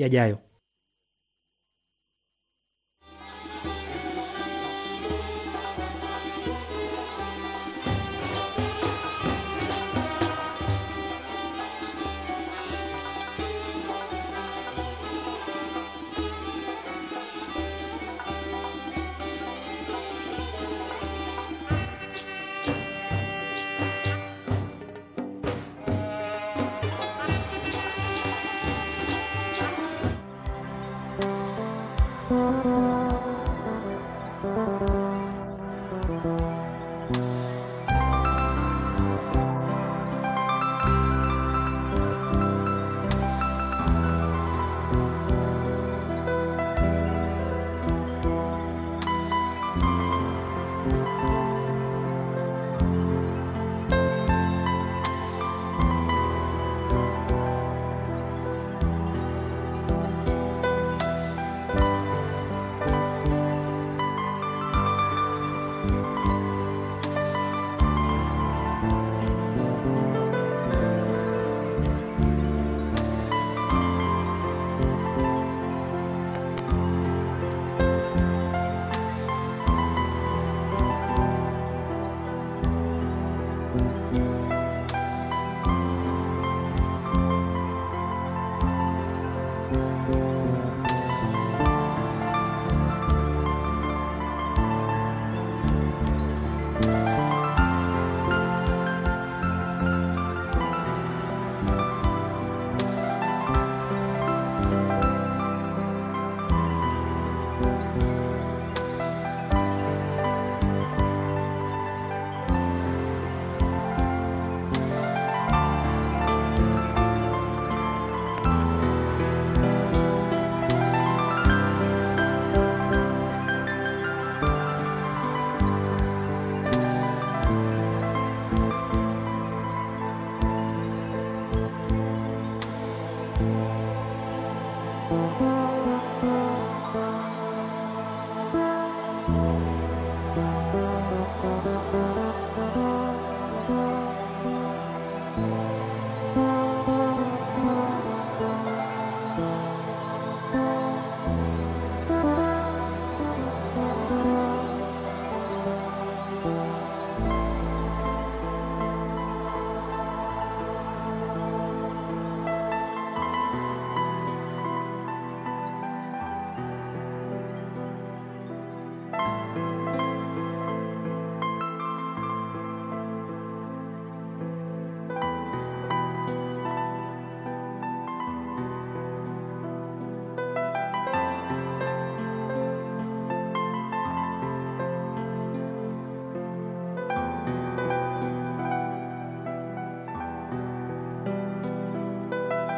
yajayo.